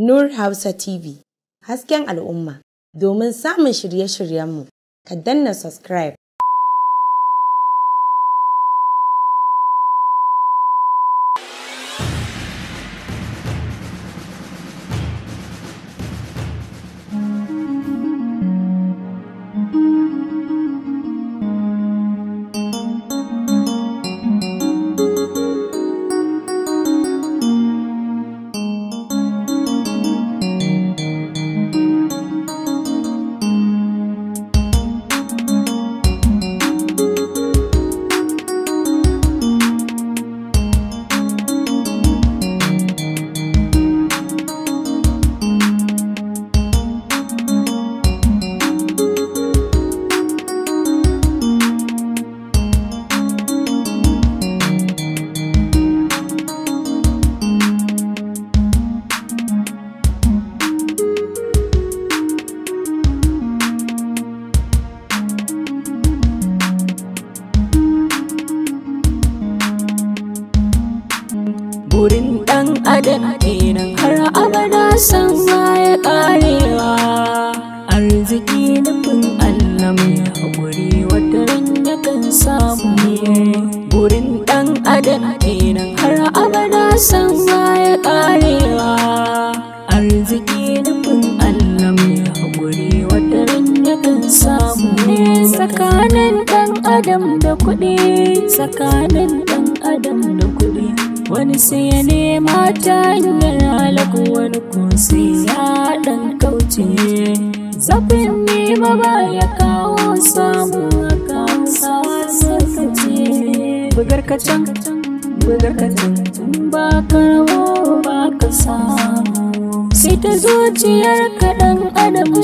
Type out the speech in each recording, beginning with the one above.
Nur Hausa TV, hasken al'umma. Domin samun shirye-shiryenmu, ka danna subscribe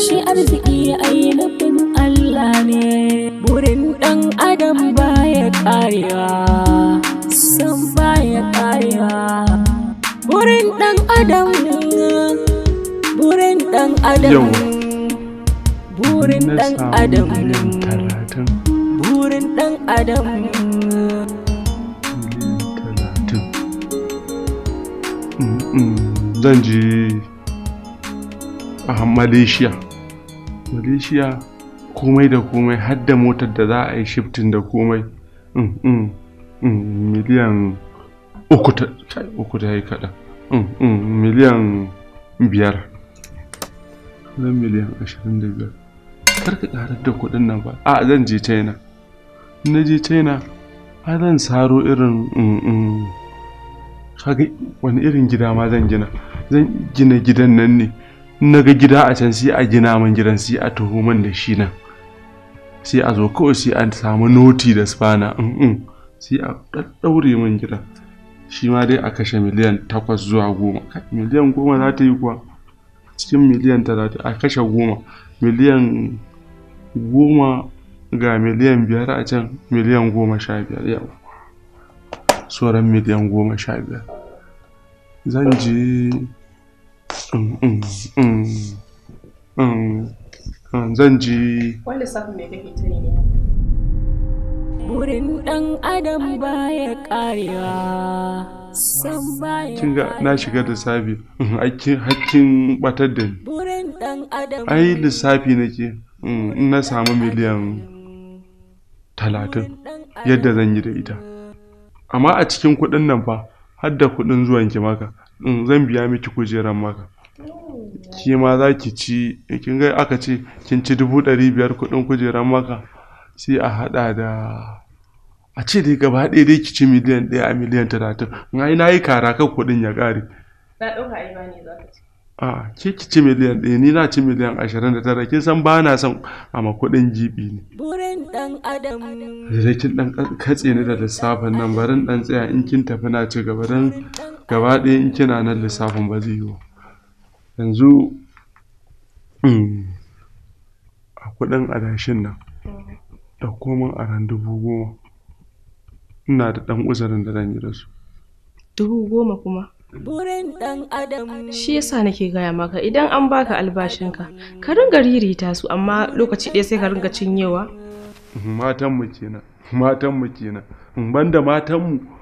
shi arziki ai nufin Allah ne burin dan adam baya karewa san baya karewa burin dan adam burin dan adam burin dan adam burin dan adam mm, mm, zan ji a ah, malaysia malaysia komai da komai har da motar da za a yi shiftin da komai mm, mm, mm, miliyan uku ta yi kaɗan miliyan biyar zan miliyan ashirin da biyar karka ƙarar da kuɗin nan ba a zan je china na je china a zan saro irin kaga wani irin gida ma zan gina zan gina gidan nan ne na ga gida a can sai a gina min gidan sai a taho min da shi nan sai a zo kawai sai an samu noti da spana in sai a ɗaɗɗaure min gidan shi ma dai a kashe miliyan takwas zuwa goma miliyan goma za ta yi kuwa cikin miliyan talatin a kashe goma miliyan goma ga miliyan biyar a can miliyan goma sha biyar yau sauran miliyan goma sha biyar zan je Mm, mm, mm, zan ji wanda dan adam karewa san baya kin na shiga lissafi hakkin hakkin batar da ni burin dan adam ai lissafi nake in na samu miliyan talatin yadda zan yi da ita amma a cikin kuɗin nan fa har da kuɗin zuwan ki maka zan biya miki kujeran maka ki ma za ki ci kin ga aka ce kin ci dubu ɗari biyar kuɗin kujeran maka sai a haɗa da a ce dai gaba ɗaya dai ki ci miliyan ɗaya a miliyan talatin ai na yi kara kan kuɗin ya ƙare na ɗauka ai ba ne za ka ci a ke ki ci miliyan ɗaya ni na ci miliyan ashirin da tara kin san ba na son a ma kuɗin jibi ne burin ɗan adam da ɗan katse ni da lissafin nan barin ɗan tsaya in kin tafi na ci gaba don gaba ɗaya in kina nan lissafin ba zai yi ba, yanzu hmm, a kuɗin adashin nan da komin a ran dubu goma ina da ɗan uzurin da zan yi da su dubu goma kuma burin dan adam shi yasa nake gaya maka idan an baka albashinka ka ringa ririta su amma lokaci ɗaya sai ka ringa cinyewa matanmu kenan matanmu kenan ban da matanmu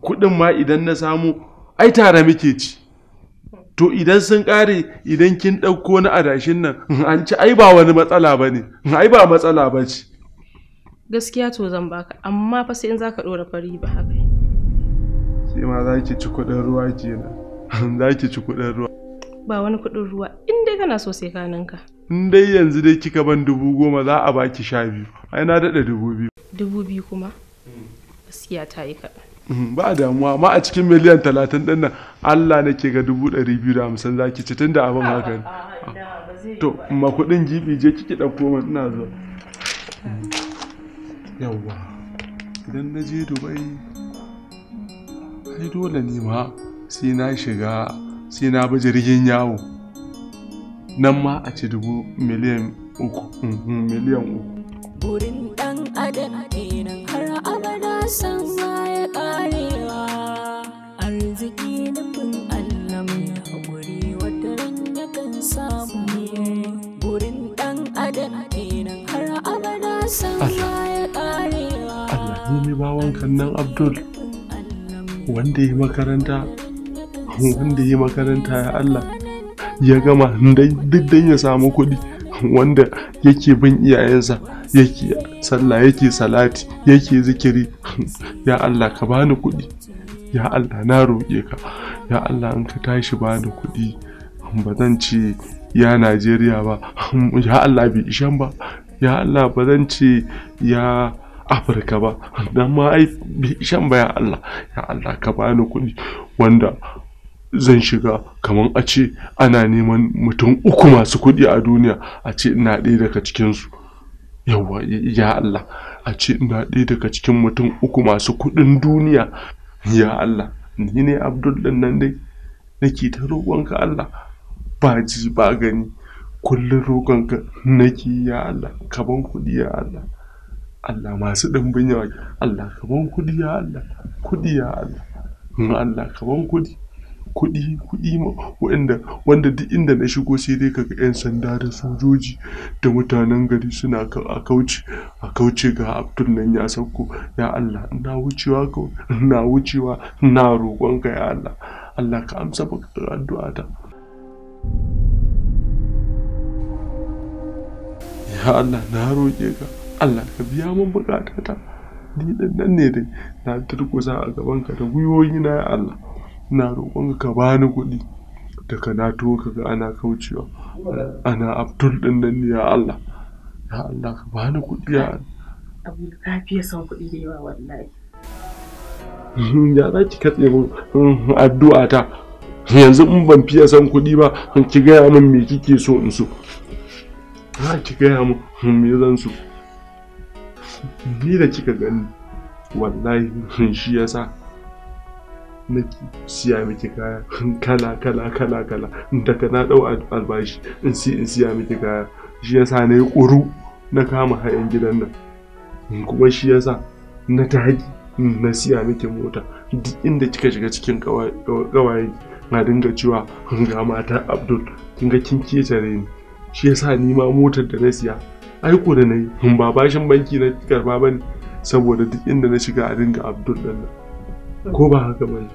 kuɗin ma idan na samu ai tare muke ci to idan sun ƙare idan kin ɗauko na adashin nan an ci ai ba wani matsala ba ne ai ba matsala ba ce gaskiya to zan baka amma fa sai in zaka ɗora fari ba haka sai ma za ki ci kuɗin ruwa kenan za ki ci kuɗin ruwa ba wani kuɗin ruwa in dai kana so sai ka in dai yanzu dai kika ban dubu goma za a baki sha biyu ai na daɗa dubu biyu dubu biyu kuma mm. gaskiya ta yi kaɗan Mhm, ba damuwa ma a cikin miliyan talatin din nan Allah nake ga dubu ɗari biyu da hamsin za ki ci tun da abin haka to ma kuɗin jibi je kiki ɗauko koma ina zuwa yawwa idan na je dubai ai dole ne ma sai na shiga sai na bi jirgin yawo nan ma a ci dubu miliyan uku mhm, miliyan uku burin dan adam kenan abada san ya karewa arziki Allah mai yakan samu ɗan adam kenan ya karewa Allah ne bawan kannan Abdul wanda yi makaranta yi makaranta ya Allah ya gama duk dan ya samu kuɗi wanda yake bin iyayensa yake sallah yake salati yake zikiri ya Allah ka bani kuɗi ya Allah na roƙe ka ya Allah in ka tashi bani kuɗi ba zan ce ya Najeriya ba ya Allah bai ishan ba ya Allah ba zan ce ya Afirka ba dan ma ai bai ishan ba ya Allah ya Allah ka bani kuɗi wanda zan shiga kamar a ce ana neman mutum uku masu kuɗi a duniya a ce ina ɗaya daga cikinsu yawwa ya Allah a ce ina ɗaya daga cikin mutum uku masu kuɗin duniya ya Allah ni ne abdul din nan dai nake ta roƙonka Allah ba ji ba gani kullum roƙonka nake ya Allah ka ban kuɗi ya Allah Allah masu ɗimbin yawa Allah ka ban kuɗi ya Allah kuɗi ya Allah Allah ka ban kuɗi kuɗi kuɗi ma wanda duk inda na shigo sai dai kaga 'yan sanda da sojoji da mutanen gari suna kan a kauce a kauce ga Abdul nan ya sauko ya Allah ina wucewa kawai ina wucewa ina ka ya Allah Allah ka amsa addu'a ta. ya Allah na roƙe ka Allah ka biya min buƙatata ni nan ne dai na turkusa a gabanka da gwiwoyi na ya Allah ina roƙon ka bani kuɗi da ka na ka kaga ana kaucewa ana abdul ɗin nan ne ya Allah ya Allah ka bani kuɗi ya Allah abu ka fiye son kuɗi da yawa wallahi ya za ki katse min mm, addu'a ta yanzu in ban fiye son kuɗi ba ki gaya min me kike so in so za ki gaya min mm, me zan so ni da kika gani wallahi shi yasa na siya miki kaya kala kala kala kala daga na dau albashi in si in siya miki kaya shi yasa na yi ƙuru na kama hayan gidan nan kuma shi yasa na taki na siya miki mota duk inda kika shiga cikin ƙawaye na dinga cewa ga mata abdul kin ga kin ketare ni shi yasa ni ma motar da na siya aiko da na yi ba bashin banki na karba bane saboda duk inda na shiga a dinga abdul ɗin nan ko ba haka ba ne.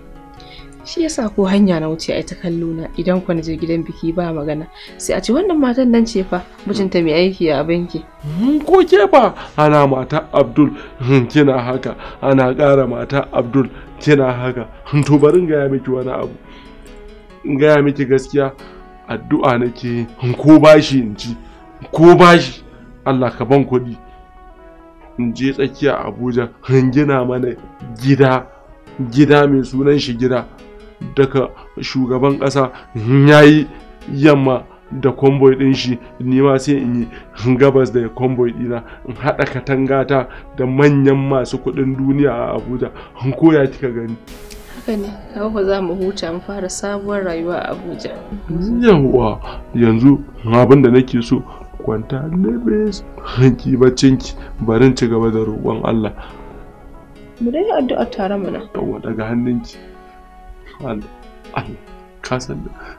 shi yasa ko hanya na wuce ai ta kallo na idan ku je gidan biki ba magana sai a ce wannan matan nan ce fa mijinta mai aiki a banki hmm, ko ke ba ana mata abdul hmm, kina haka ana ƙara mata abdul kina haka hmm, to bari gaya miki wani abu gaya miki gaskiya addu'a nake ko bashi in ci ko bashi Allah ka ban kuɗi in je tsakiya abuja gina mana gida gida mai sunan shi gida daga shugaban ƙasa ya yi yamma da convoy ɗin shi nima sai in yi gabas da convoy ɗina in haɗa ta da manyan masu kuɗin duniya a abuja in koya kika gani haka ne kawai za mu huta mu fara sabuwar rayuwa a abuja yawa yanzu abin da nake so kwanta lebes hanki baccinki barin ci gaba da roƙon allah mu dai addu'ar tare mana yawwa daga hannunki Allah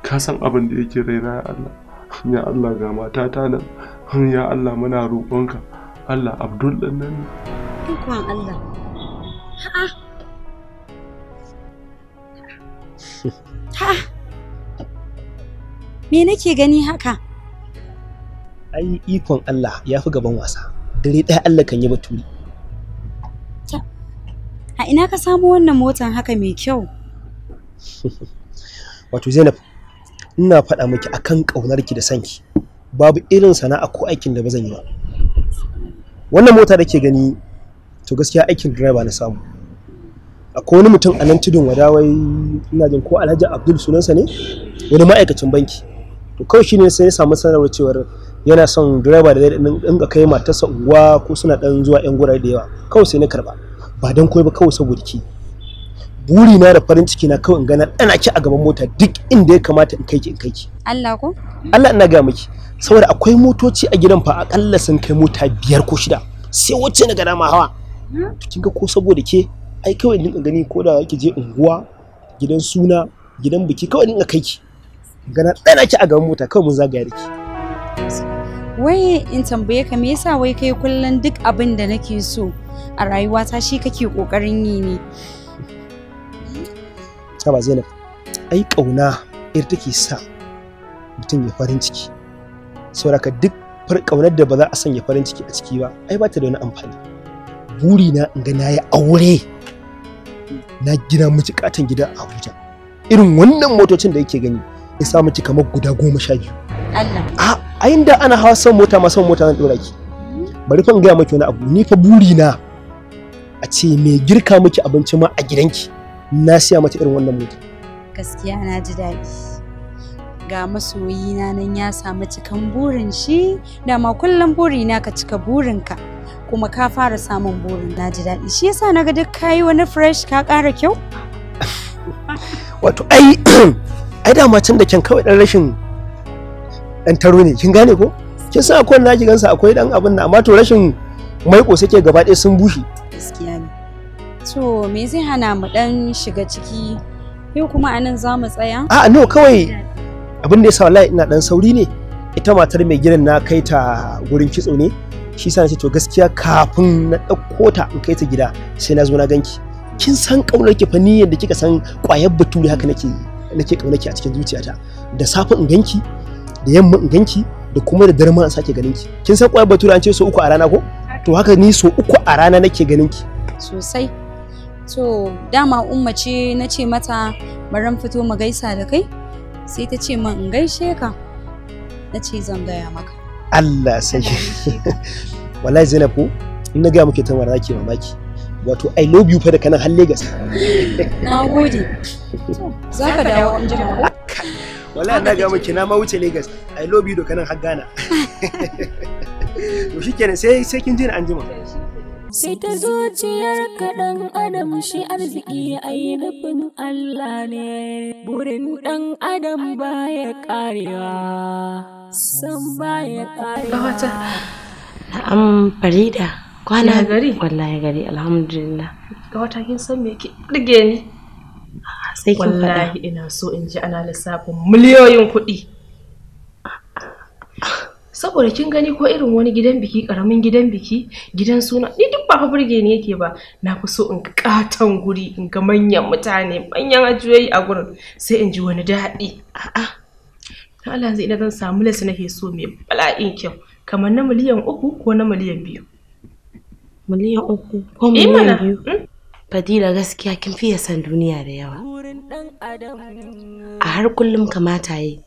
ka san abin da yake raina ya Allah ya Allah ga matata nan ya Allah muna roƙonka Allah Abdul ɗan nan ikon Allah ha ha me nake gani haka ai ikon Allah ya fi gaban wasa dare ɗaya Allah kan yi baturi A ina ka samu wannan motan haka mai kyau? Wato Zainab, ina faɗa miki akan ƙaunarki da sanki. Babu irin sana'a ko aikin da ba yi ba. Wannan mota da ke gani to gaskiya aikin direba na samu. Akwai wani mutum a nan tudun wadawai ina jin ko Alhaji Abdul sunansa ne wani ma'aikacin banki. To kawai shine sai ya samu sanarwar cewar yana son direba da zai dinga kai matarsa unguwa ko suna ɗan zuwa yan gurare da yawa. Kawai sai na karba. ba don koyi ba kawai saboda ki buri na da farin ciki na kawai in ganar ana ki a gaban mota duk inda ya kamata in kai ki in kai ki Allah ko Allah ina ga miki saboda akwai motoci a gidan fa akalla sun kai mota biyar ko shida sai wacce na gada ma hawa hmm? kin ga ko saboda ke ai kawai din gani ko da kike je unguwa gidan suna gidan biki kawai dinka kai ki gana dana ki a gaban mota kawai mun zagaya da ki wai in tambaye ka me yasa wai kai kullun duk abin da nake so a rayuwata shi kake ƙoƙarin yi ne. Saba Zainab, ai kauna ir take sa mutum ya farin ciki. Sauraka duk ƙaunar da ba za a sanya farin ciki a ciki ba, ai ba ta da wani amfani. Buri na ga na yi aure na gina miji katon gida a Abuja. Irin wannan motocin da yake gani ya sa miki kamar guda goma sha biyu. Allah. A a inda ana hawa son mota ma son mota zan dora ki. Bari fa in gaya maki wani abu ni fa buri na a ce mai girka miki abinci ma a gidanki na siya mata irin wannan mota gaskiya na ji daɗi ga masoyina nan ya samu cikan burin shi dama kullum na ka cika burinka kuma ka fara samun burin na ji daɗi shi yasa naga duk kayi wani fresh ka ƙara kyau wato ai ai dama can da kyan kawai ɗan rashin ɗan taro ne kin gane ko kin san akwai wani ji gansa akwai ɗan abin nan amma to rashin maiko sai ke gaba ɗaya sun bushe gaskiya ne to me zai hana mu dan shiga ciki yau kuma anan za mu tsaya a no kawai abin da yasa wallahi ina dan sauri ne ita matar mai gidan na kai ta gurin kitso ne shi sa ce to gaskiya kafin na ɗauko ta in kai ta gida sai na zo na ganki kin san ƙaunar ki fa ni yadda kika san ƙwayar bature haka nake nake kaunar ki a cikin zuciyata da safin in ganki da yamma in ganki da kuma da dare ma in sake ganin ki kin san ƙwayar bature an ce so uku a rana ko to haka ni so uku a rana nake ganin ki sosai to dama umma ce na ce mata baran fito mu gaisa da kai sai ta ce min in gaishe ka na ce zan gaya maka Allah sai wallahi Zainab ko in na gaya muke tanwar zaki mamaki wato I love you fa da kanan halle gasa na gode za ka dawo an ko. wallahi na ga muke na ma wuce Lagos I love you da kanan har Ghana to kenan sai sai kin ji an jima sai ta zuciyar dan adam shi arziki ayi nufin Allah ne burin dan adam ba ya karewa. san ba ya ƙarewa na'am farida kwana gari wallahi gari alhamdulillah ga wata kin san me ke dige ni ah, sai kin wallahi ina so in ji ana lissafin miliyoyin kuɗi ah, ah. saboda kin gani ko irin wani gidan biki karamin gidan biki gidan suna ni duk ba burge ne yake ba na fi so in katon guri in ga manyan mutane manyan ajiyoyi a gurin sai in ji wani daɗi a'a ta Allah zai ina zan samu lesi nake so mai bala'in kyau kamar na miliyan uku ko na miliyan biyu miliyan uku ko eh miliyan biyu hmm? fadila gaskiya kin fiye san duniya da yawa a har kullum kamata yi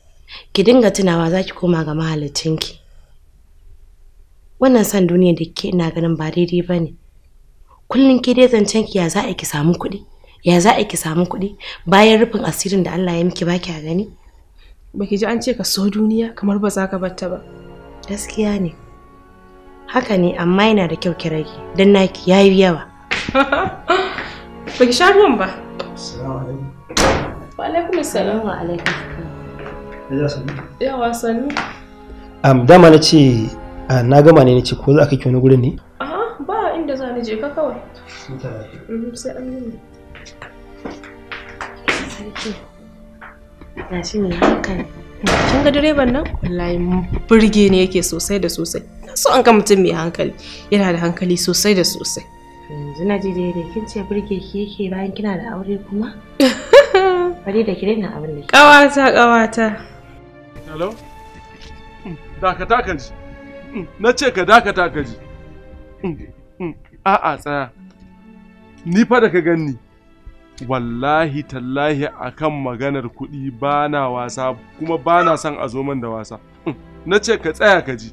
ki dinga tunawa zaki koma ga mahalicinki wannan san duniya da ke ina ganin ba daidai ba ne kullum ke dai zancen ki ya za a ki samu kuɗi ya za a ki samu kuɗi bayan rufin asirin da Allah ya miki ba ki gani baki ji an ce ka so duniya kamar ba za ka batta ba gaskiya ne haka ne amma yana da kyau ki rage don naki yayi yawa ki sha ruwan ba assalamu alaikum wa alaikum assalam wa alaikum yawa sannu am dama na ce Ah, na gama ne ce ko za ka wani gurin ne a'a ba inda za ni je ka kawai mhm, sai an yi na shi ne hakan kin ga direban nan wallahi burge ne yake sosai da sosai na so an ga mutum mai hankali yana da hankali sosai da sosai yanzu na ji daidai kin ce burge ki yake bayan kina da aure kuma bari da ki daina abin da kawata kawata hello dakata kan ci. na ce ka dakata ka ji a'a tsaya ni fa da ka ganni wallahi tallahi akan maganar kuɗi ba na wasa kuma ba na son a zo man da wasa na ce ka tsaya ka ji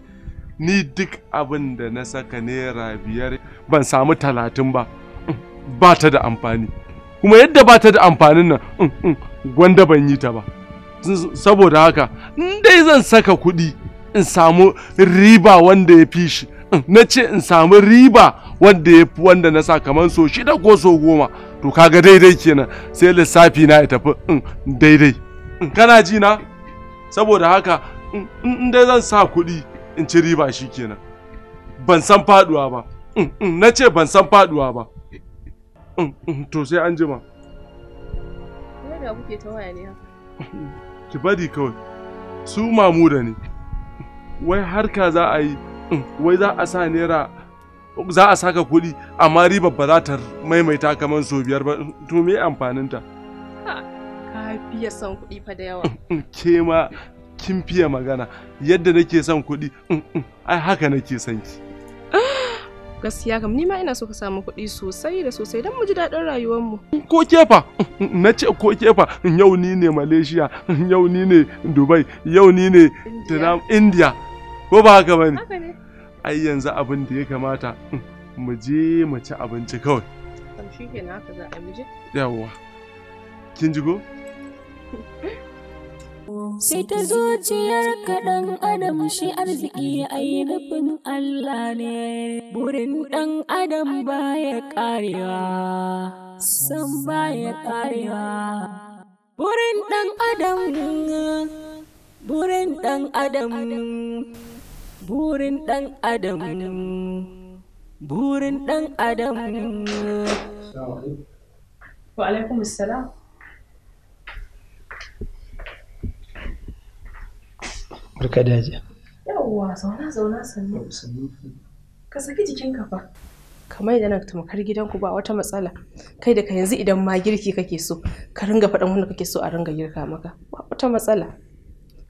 ni duk abin da na saka naira biyar ban samu talatin ba ba ta da amfani kuma yadda ba ta da amfanin nan gwanda ban yi ta ba saboda haka dai zan saka kuɗi in samu riba wanda ya fi shi mm, na ce in samu riba wanda ya fi wanda na sa kamar so shida ko so goma to kaga daidai kenan sai lissafi na ya tafi mm, daidai mm, kana ji na saboda haka in dai zan sa kuɗi in ci riba shi kenan ban san faduwa ba na ce ban san faduwa ba to sai an jima kuke ta waya ne ki bari kawai su mamu da ne wai harka za a yi mm, wai za a sa naira za a saka kuɗi amma riba ba za ta maimaita kamar so biyar ba mm, to me amfaninta ka fiye son kuɗi fa da yawa mm, ke ma kin fiye magana yadda nake son kuɗi ai haka nake son ki gaskiya kam nima ina so ka samu kuɗi sosai da sosai don mu ji daɗin rayuwarmu. Ko kefa, na ce ko kefa, yau ni ne Malaysia, yau ni ne Dubai, yau ni ne India. ko ba haka bane ai yanzu abin da ya kamata hmm, mu je mu ci abinci kawai shi ke yawwa kin jigo sai ta zuciyar kaɗan adam shi arziki ai nufin Allah ne burin ɗan adam ya ƙarewa san ya ƙarewa burin ɗan adam burin ɗan adam burin dan adam burin dan adam wa alaikum assalam barka da ji yawwa zauna zauna sannu ka saki jikin ka fa kamar da ka tamkar gidanku ba wata matsala kai da ka yanzu idan ma girki kake so ka ringa faɗan wanda kake so a ringa girka maka ba wata matsala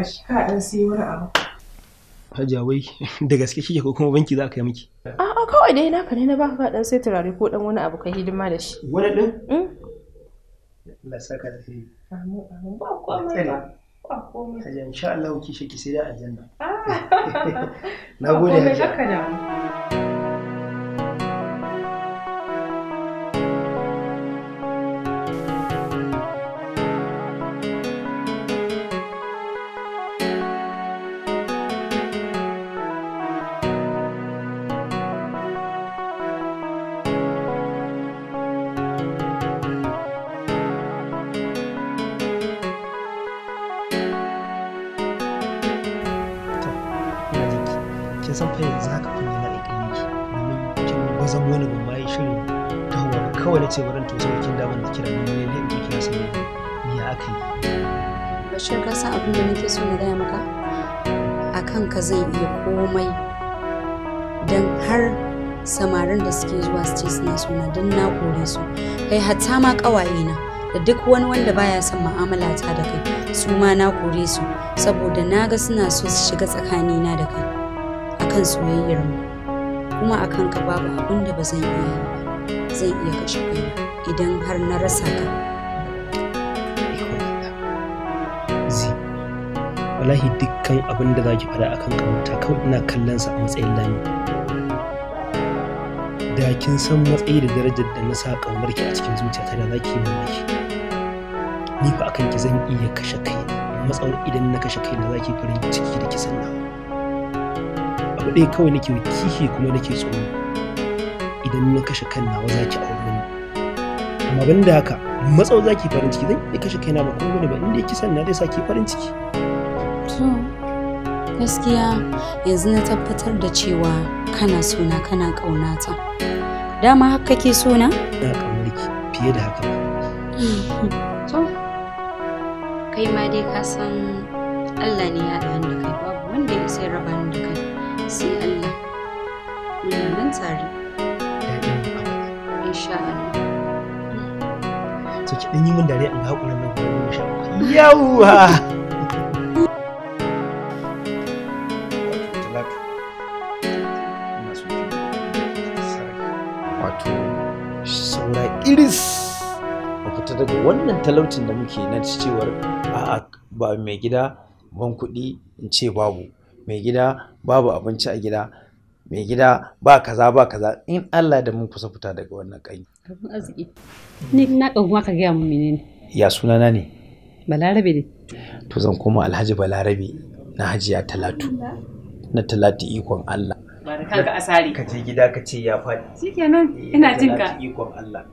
a shi ka ɗan sai wani abu. Hajiya wai da gaske kike ko kuma banki za ka yi miki. A'a kawai dai naka ne na ba ka ɗan sai turare ko ɗan wani abu ka hidima da shi. Wani hmm? saka da ba. insha Allah ki sai da aljanna. Ah. Na gode haka da mu. suna don na kore su kai hatta ma ƙawaye na da duk wani wanda baya son mu'amala ta da kai su ma na kore su saboda na ga suna so su shiga tsakanina da kai akan soyayyar mu kuma akan ka babu abin da ba zan iya yi ba zan iya kashe kai idan har na rasa ka wallahi dukkan abin da zaki faɗa akan kamata kawai ina kallon sa a matsayin lami da kin san matsayi da darajar da na sa kamar ki a cikin zuciyata da za ki yi mamaki ni fa akan ki zan iya kashe kai matsawar idan na kashe kai na za ki farin ciki da kisan nan abu ɗaya kawai nake kihi kuma nake tsoro idan na kashe kan nawa za ki aure ni amma ban da haka matsawar za ki farin ciki zan iya kashe kai na ba kuma ba inda kisan na zai sa ki farin ciki gaskiya yanzu na tabbatar da cewa kana suna kana ƙaunata dama haka kake suna? ina ƙaunarki fiye da haka to kai ma dai ka san Allah ne ya haɗa da kai babu wanda ya sai raba ni da kai sai Allah nan tare insha Allah to ki yi min in ga nan tiris fita daga wannan talaucin da muke na cewar ba mai gida ban kuɗi in ce babu mai gida babu abinci a gida mai gida ba kaza ba kaza in Allah da mun kusa fita daga wannan ƙanyi. arziki. Ni na gaya Ya sunana ne. Balarabe ne. To zan koma Alhaji Balarabe na Hajiya Talatu. Na Talatu ikon Allah. da ka asari. Ka je gida ka ce ya faɗi. Shikenan ina jin ka. ikon Allah.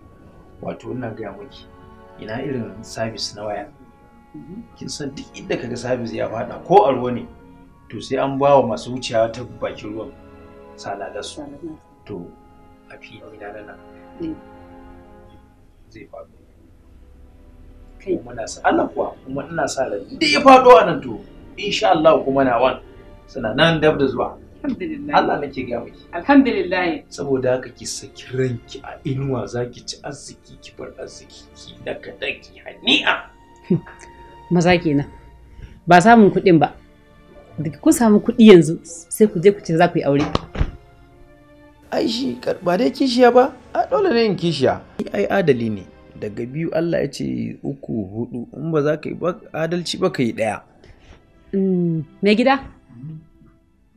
wato ina gaya miki ina irin sabis na waya mhm. kin san duk inda kaga sabis ya fada ko a ruwa ne to sai an ba wa masu wuciya ta bakin ruwan salala su to a fili na nan eh. zai faɗo kuma na sa Allah kuwa kuma ina sa ran da ya faɗo a nan to insha Allah kuma na wan suna nan dab da zuwa Alhamdulillah. Allah nake ga miki. Alhamdulillah. Saboda haka ki saki ranki a inuwa za ki ci arziki ki bar arziki ki daga daki hani'a. Maza kenan. Ba samun kuɗin ba. Da kun samu kuɗi yanzu sai ku je ku ce za ku yi aure. Ai shi ba dai kishiya ba, a dole ne yin kishiya. Ai adali ne. Daga biyu Allah ya ce uku hudu in ba za ka yi adalci ba ka yi ɗaya. Me mm, gida,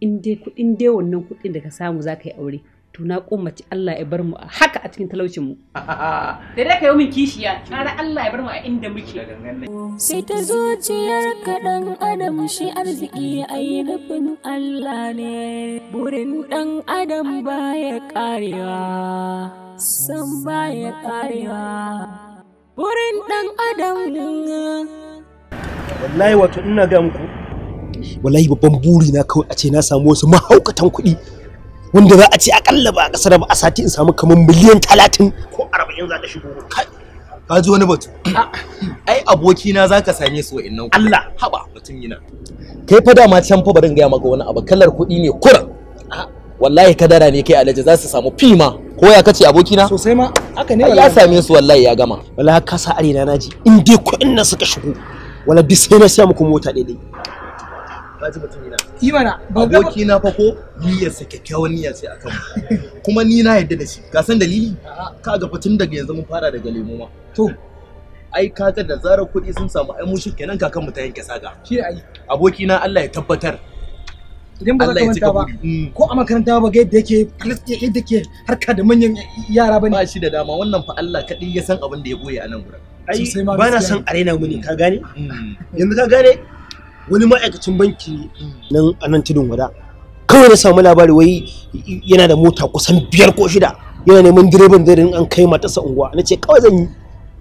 in dai kuɗin dai wannan kuɗin da ka samu za ka yi aure to na kummaci Allah ya bar mu a haka a cikin talaucin mu da dai ka yi min kishiya kara Allah ya bar mu a inda muke sai ta zuciyar ka dan adam shi arziki ai nufin Allah ne burin dan adam baya karewa san baya karewa burin dan adam ne wallahi wato ina ga muku wallahi babban buri na kawai a ce na samu wasu mahaukatan kuɗi wanda za a ce akalla ba a kasar ba a sati in samu kamar miliyan talatin ko arba'in za ta shigo ka ji wani batu ah. ai aboki na za ka same su wa'annan Allah haba mutum yana kai fa dama can fa barin gaya maka wani abu kallar kuɗi ne kuran ah. wallahi kadara ne kai alaji za su samu fima ko ya kace aboki na sosai ma haka ne ya same su wallahi ya gama wallahi ka sa arena naji in dai kuɗin nan suka shigo wala bi sai na siya muku mota daidai ka mutum ina yi mana aboki na fa ko niyyarsa kyakkyawan niyya ce akan kuma ni na yadda da shi ka san dalili ka ga tun daga yanzu mun fara daga lemo ma to ai kaga da zarar kuɗi sun samu ai mu shi kenan kakan mu ta yanke saga shi ai aboki na Allah ya tabbatar idan ba za ka ba mm. ko a makaranta ba ga yadda yake yadda ke harka da manyan yara bane ba shi da dama wannan fa Allah kaɗai ya san abin da ya goye a nan gurin ai ba na san arena muni ka gane mm. yanzu ka gane wani ma'aikacin banki nan a nan tudun wada kawai na samu labari wai yana da mota kusan biyar ko shida yana neman direban zai an kai matarsa unguwa na ce kawai zan yi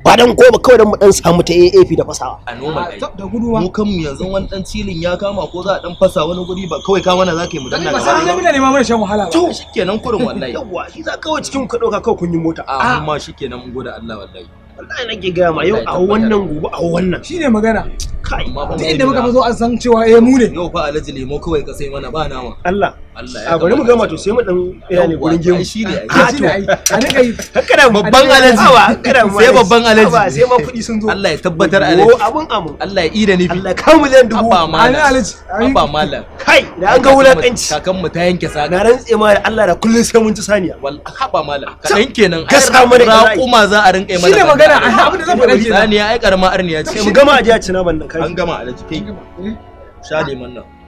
ba dan ko ba kawai dan mu dan samu ta AAP da fasawa a noma kai da guduwa mu kanmu yanzu wani dan cilin ya kama ko za a dan fasa wani guri ba kawai ka mana zaka yi mu dan na sai ne muna neman mana shan wahala to shikenan kurin wallahi yawa shi za kawai cikin ku dauka kawai kun yi mota a amma shikenan mun gode Allah wallahi wallahi nake gaya ma yau a wannan gobe a wannan shine magana kai inda muka fa zo an san cewa eh mu ne yau fa alaji lemo kawai ka sai mana ba nama Allah a ah, bari mu gama to sai mu dan ina ne gurin gemu shi ne ah, a to a nika yi kada babban alaji sai babban alaji sai ma kudi sun zo Allah ya tabbatar alaji abun amu Allah ya ida nifi Allah ka miliyan dubu ba malam alaji ba mallam. kai da an ga wulakanci kakan mu ta yanke sa na rantse ma da Allah da kullun sai mun ci saniya wallahi haba malam kadan kenan gaskiya mu da kuma za a rinka yi mana shi ne magana abin da zan faɗa kenan saniya ai karama arniya ce mu gama aje a ci na bannan kai an gama alaji kai eh. sha leman nan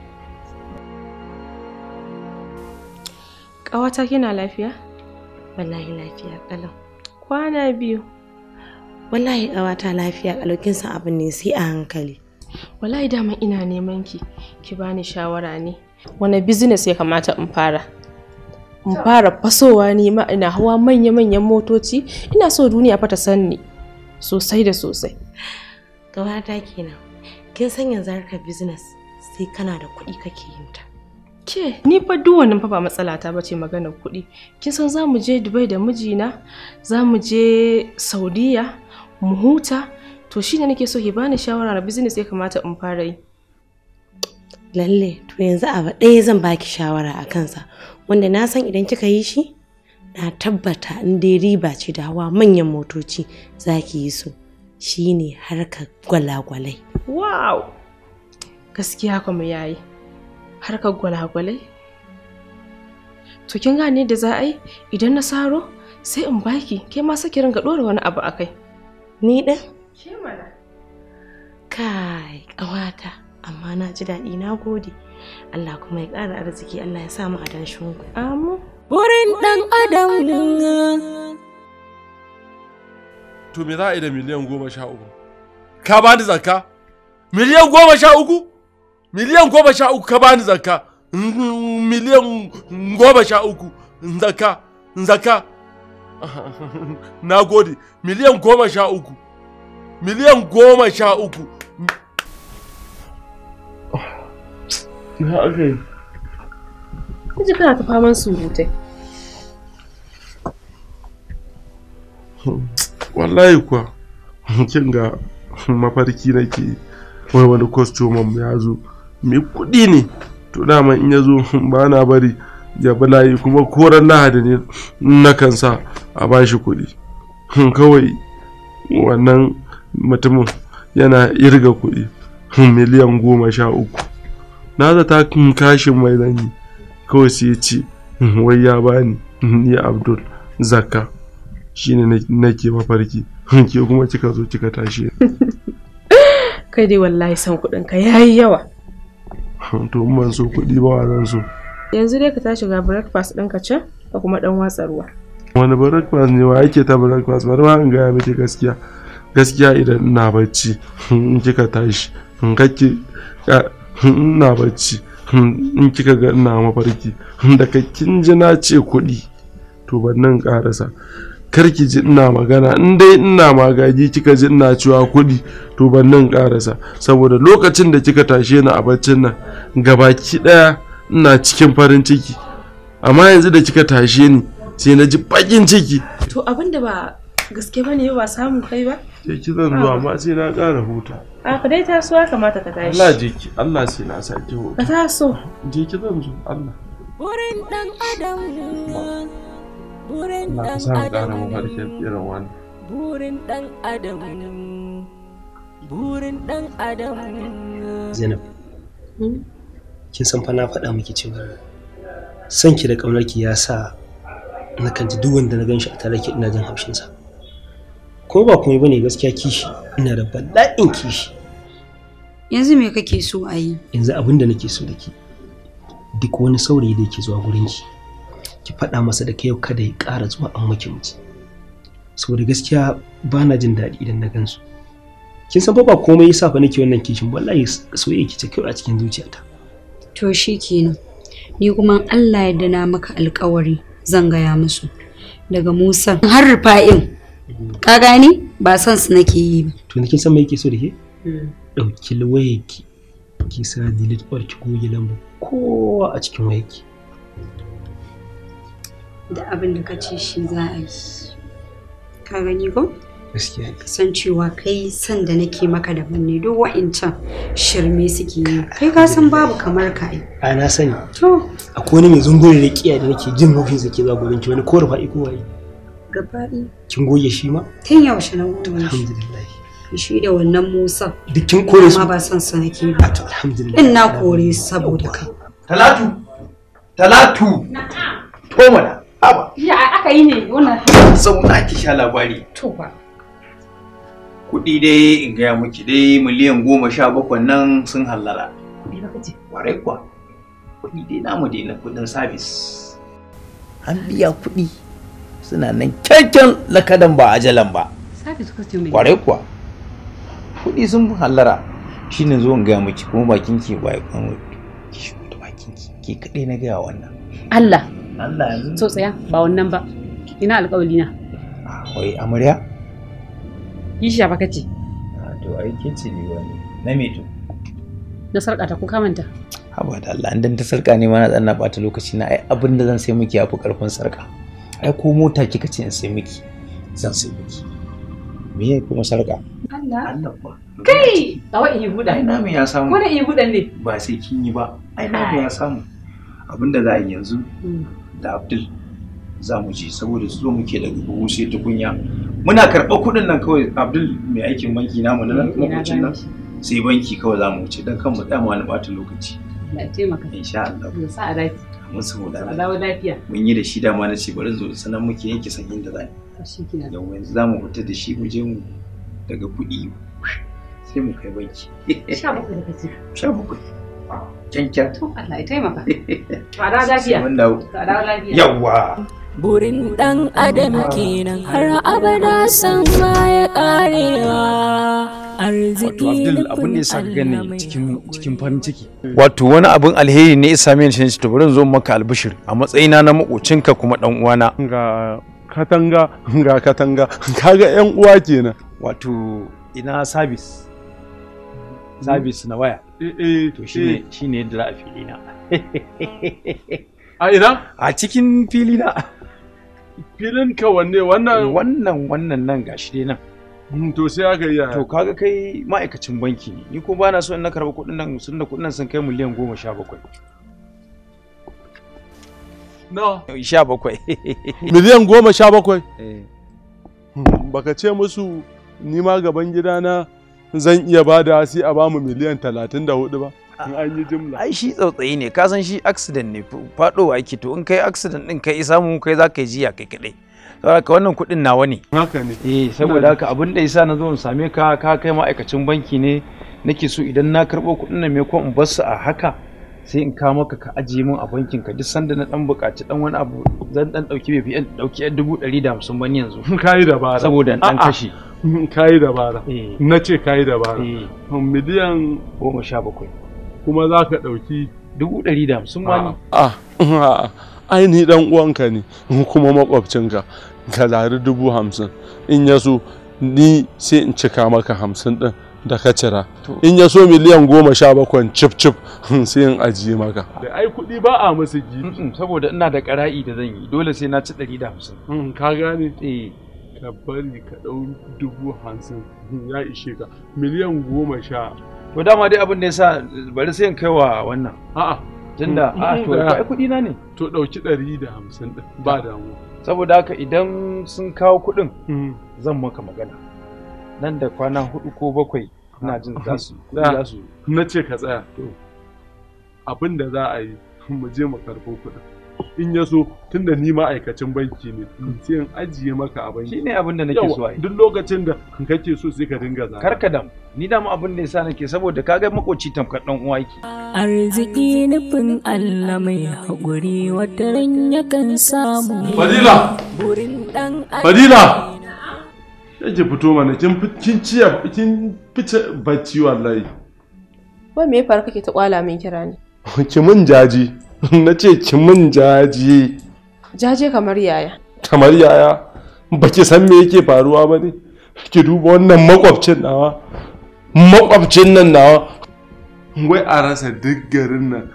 Ƙawata kina lafiya? Wallahi lafiya ƙalau. Kwana biyu. Wallahi ƙawata lafiya ƙalau kin san abin ne sai a hankali. Wallahi dama ina neman ki, ki bani shawara ne. Wani business ya kamata in fara? In fara fasowa ne ina hawa manya-manyan motoci, ina so duniya fa ta san ni sosai da sosai. Ƙawata kenan. Kin san yanzu harkar business sai kana da kuɗi kake yin Ke, ni fa duk wannan fa ba matsala ta bace maganar kuɗi. Kin san za mu je Dubai da mijina, za mu je Saudiya, mu huta, to shi shine nake so ki bani shawara na business ya kamata in fara yi. Lalle, to yanzu abu ɗaya zan baki shawara a kansa, wanda na san idan kika yi shi, na tabbata in dai riba ce da hawa manyan motoci za ki yi su. Shine harkar gwalagwalai. Wow! Gaskiya kuma yayi. harkar gwalagwalai to kin gane da za a yi idan na saro sai in baki ke ma saki ringa ɗora wani abu a kai ni ɗin ke mana kai ƙawata amma na ji daɗi na gode Allah kuma ya ƙara arziki Allah ya sa mu a dan ku amu burin ɗan adam to me za a yi da miliyan goma sha uku ka ni zakka miliyan goma sha uku miliyan goma sha uku ka bani zakka miliyan goma sha uku zakka zakka na gode miliyan goma sha uku miliyan goma sha uku na ake yi ji kana ta faman surutai wallahi kuwa kin ga mafarki nake wai wani kwastomin ya zo mai kuɗi ne to dama in ya zo ba na bari ya bi layi kuma koran lahadi ne na kansa a bashi kuɗi kawai wannan mutumin yana irga kuɗi miliyan goma sha uku na zata kashin mai zanyi kawai sai ya ce wai ya bani ni abdul zakka shine nake mafarki ke kuma kika zo kika tashi kai dai wallahi san kuɗinka yayi yawa to in ban so kuɗi ba wa so yanzu dai ka tashi ga breakfast ɗin ka can ka kuma ɗan watsa ruwa wani breakfast ne wa yake ta breakfast bari ma in gaya miki gaskiya gaskiya idan ina bacci in kika tashi in kake ina bacci in kika ga ina mafarki da kakkin ji ce kuɗi to ban nan ƙarasa kar ki ji ina magana in dai ina magagi kika ji ina cewa kuɗi to ban nan ƙarasa saboda lokacin da kika tashe ni a baccin nan gabaki ɗaya ina cikin farin ciki amma yanzu da kika tashe ni sai na ji bakin ciki to abin da ba gaske ba ne ba samun kai ba sai ki zan zuwa amma sai na ƙara huta a ka dai tasowa kamata ka tashi Allah jiki Allah sai na sake huta ka taso je ki zan zo Allah wurin dan adam burin dan adam burin dan adam burin zainab hmm? kin san fa na faɗa miki cewa son ki da ƙaunar ki ya sa na kan ji duk wanda na ganshi a tare ki ina jin haushin sa ko ba kuma bane gaskiya kishi ina da bala'in kishi yanzu me kake so a yi yanzu abinda da nake so da ki duk wani saurayi da yake zuwa gurin ki ki faɗa masa da kai kada ya ƙara zuwa an maki miji saboda gaskiya ba na jin daɗi idan na gansu kin san fa ba komai yasa fa nake wannan kishin wallahi soyayya ki ce kai a cikin zuciyata to shikenan ni kuma Allah ya dana maka alƙawari zan gaya musu daga Musa har rufa'in ka gani ba san su nake yi ba to kin san me yake so da ke hmm. ɗauki wayarki ki sa delete or ki goge lambar kowa a cikin wayarki da abin da ka ce shi za a yi ka gani ko gaskiya san cewa kai san da nake maka da ne duk wa'incan shirme suke yi kai ka san babu kamar ka yi a na sani to akwai wani mai zungure da kiya da nake jin mafi zuke za gurin ki wani korafa iko waye gabaɗi kin goge shi ma tun yaushe na goge alhamdulillah shi da wannan musa duk kin kore su ba san sa nake ba alhamdulillah Ina kore saboda kai talatu talatu na'am to mana Haba. Ya aka yi ne wannan. Zauna ki sha labari. To ba. Kuɗi dai in gaya miki dai miliyan goma sha bakwai nan sun hallara. Kuɗi ba kace. Warai kuwa. Kuɗi dai namu dai na kuɗin sabis. An biya kuɗi suna nan kyakkyan lakadan ba ajalan ba. Sabis kuka ce mai. Warai kuwa. Kuɗi sun hallara. Shi ne zo in gaya miki kuma bakin ki ba ya kan ki shigo da bakin ki. Ki kaɗai na gaya wannan. Allah. Allah yanzu so tsaya ba wannan ba ina alƙawari na wai amarya kishiya ba kace to ai kici ne wani na me to na sarƙa ta ko ka manta haba da Allah Idan ta sarƙa ne ma na tsanna bata lokaci na ai abin da zan sai miki yafi karfin sarƙa ai ko mota kika ce in sai miki zan sai miki me ya kuma sarƙa Allah Allah ba kai tawa iya buɗa ai namu ya samu ko da iya buɗan ne ba sai kin yi ba ai namu ya samu abinda za a yi yanzu mm. da abdul za mu je saboda su muke daga buhu sai tukunya muna karɓar kuɗin nan kawai abdul mai aikin banki mu na eh, lokacin nan sai banki kawai za mu wuce don kan mu tsaya wani ɓata lokaci insha Allah mu sa a dafi mun samu lafiya mun yi da shi dama na ce bari zo sanan muke yanke sanyin da zai yau yanzu za mu fita da shi mu je mu daga kuɗi sai mu kai banki sha bakwai Cancan. Allah ya taimaka. Tsada lafiya. Tsada lafiya. Yawwa. Burin ɗan adam kenan har abada san ma ya ƙarewa. arziki Abdul abin da ya sa gane cikin cikin farin ciki wato wani abin alheri ne isa min shi to bari zo maka albishir a matsayina na makocinka kuma dan uwana ga katanga ga katanga kaga yan uwa kenan wato ina service service na waya Eh, eh, to shine eh. shine yadda za a fili na a ina a cikin fili na filin ka wanne wannan wannan wannan nan gashi dai nan mm, to sai aka yi to kaga kai ma'aikacin banki ne ni ko bana so in na karba kuɗin nan sun da kuɗin nan sun kai miliyan goma sha bakwai no sha bakwai miliyan goma sha bakwai hmm, baka ce musu ni ma gaban gidana zan iya bada da sai a bamu miliyan talatin da hudu ba in an yi jimla ai shi tsautsayi ne ka san shi accident ne faɗowa yake to in kai accident din kai samu kai za ka yi jiya kai kaɗai saboda wannan kuɗin nawa ne haka ne eh saboda haka abin da yasa na zo in same ka ka kai ma'aikacin banki ne nake so idan na karɓo kudin nan me ko in bar su a haka sai in kawo maka ka ajiye min a bankin ka duk sanda na dan buƙaci dan wani abu zan dan dauki BPL dauki yan dubu ɗari da hamsin ban yanzu kayi dabara saboda dan kashi kayi dabara eh. na ce kayi dabara eh. miliyan goma sha bakwai kuma za ka ɗauki dubu ɗari da hamsin bani ai ni dan uwanka ne kuma makwabcinka ka zari dubu hamsin in ya so ni sai in cika maka hamsin din da ka cira in ya so miliyan goma sha bakwai cif cif sai in ajiye maka da ai kuɗi ba a masa gi mm, mm, saboda ina da ƙara'i da zan yi dole sai na ci ɗari da hamsin mm, ka gane eh ka bari ka ɗau dubu hamsin ya ishe ka miliyan goma sha to dama dai abin da ya sa bari sai in kai wa wannan a'a tunda a ah, to ai kuɗi na ne to ɗauki ɗari da hamsin ba damuwa saboda haka idan sun kawo kuɗin zan maka magana nan da kwana hudu ko bakwai ina jin za su su na ce ka tsaya abin da za a yi mu je mu karɓo kuɗin in ya so tunda ni ma'aikacin banki ne sai hmm. in ajiye maka a banki shine abin da nake so yi duk lokacin da kake so sai ka dinga zaka karka dam ni da mu abin da yasa nake saboda kaga makoci tamkar dan uwa yake arziki nufin Allah mai hakuri wata ran yakan samu fadila fadila yake fito mana kin ciya kin fice bacci wallahi wai me ya faru kake ta kwala min kira ne ki mun jaji na ce ki mun jaji jaje kamar yaya kamar yaya baki san me yake faruwa ba ne ki duba wannan makwabcin nawa makwabcin nan nawa wai a rasa duk garin nan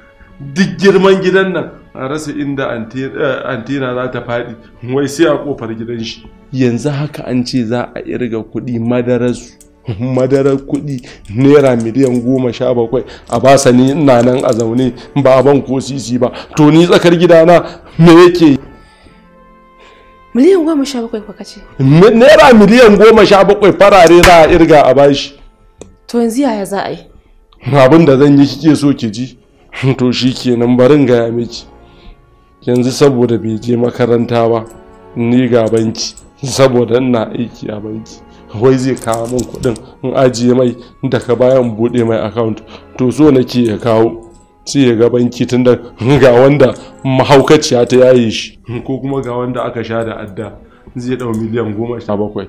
duk girman gidan nan a rasa inda eh, antina za ta faɗi wai sai a kofar gidan shi yanzu haka an ce za a irga kuɗi madararsu madarar kuɗi naira miliyan goma sha bakwai a basa ni ina nan a zaune ba a ban ko sisi ba to ni tsakar gidana me yake miliyan goma sha bakwai kwa kace naira miliyan goma sha bakwai farare za a irga a bashi to yanzu yaya za a yi abin da zan yi kike so ki ji to shi kenan barin gaya miki yanzu saboda bai je makaranta ba ni ga banki saboda ina aiki a banki wai zai kawo min kuɗin in ajiye mai daga bayan buɗe mai account to so nake ya kawo sai ya ga banki tunda da ga wanda mahaukaciya ta yayi shi ko kuma ga wanda aka sha da adda zai ɗau miliyan goma sha bakwai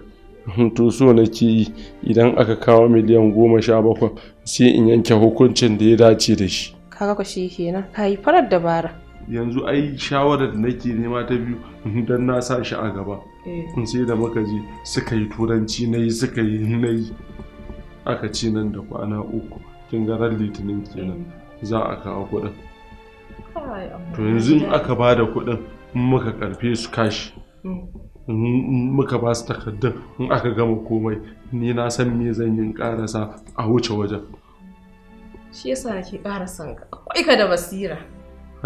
to so nake yi idan aka kawo miliyan goma sha bakwai sai in yanke hukuncin da ya dace da shi kaga ku shi kenan ka yi farar dabara yanzu ai shawarar da nake nema ta biyu don na sa shi a gaba kun eh. sai da muka je suka yi turanci na yi suka yi na yi aka ci nan da kwana uku kin ga ran litinin kenan eh. za a kawo kuɗin to yanzu in aka ba da kuɗin in muka karfe su kashi mm. in muka ba su takardun in aka gama komai ni na san me zan yi karasa a wuce wajen shi yasa nake karasa ka akwai ka da basira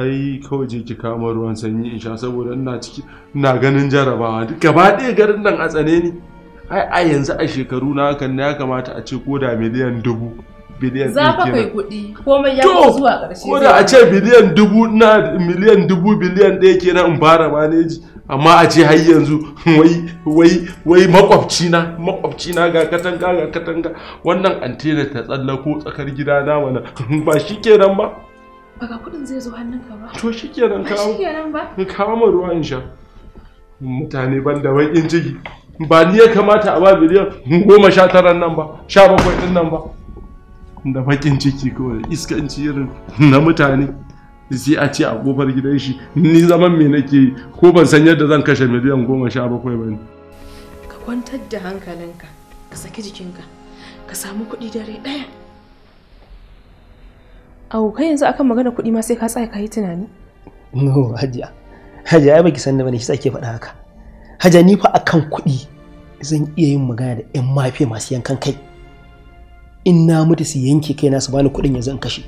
ai kawai je ki kama ruwan sanyi in sha saboda ina ciki ina ganin jarabawa gaba ɗaya garin nan a tsane ni ai a yanzu a shekaru na hakan ya kamata a ce ko da miliyan dubu biliyan za fa kai kuɗi komai ya zuwa ƙarshe ko da a ce biliyan dubu na miliyan dubu biliyan ɗaya kenan in fara maneji amma a ce har yanzu wai wai wai makwabci na makwabci na ga katanga ga katanga wannan antena ta tsallako tsakar gida na mana ba shi kenan ba ba ga kuɗin zai zo hannunka ba to shikenan ka shikenan ba in kawo mu ruwa in sha mutane ban da bakin ciki ba ni ya kamata a ba biliyan goma sha tara nan ba sha bakwai din nan ba da bakin ciki kawai iskanci irin na mutane sai a ce a kofar gidan shi ni zaman me nake ko ban san yadda zan kashe miliyan goma sha bakwai ba ne. ka kwantar da hankalinka ka saki jikinka ka samu kuɗi dare ɗaya Au kai yanzu akan magana kuɗi ma sai ka tsaya ka yi tunani. No hajiya. Hajiya ai baki san da bane shi ke faɗa haka. Hajiya ni fa akan kuɗi zan iya yin magana da ƴan mafi masu yankan kai. In na mutu su yanke na su bani kuɗin yanzu in kashe.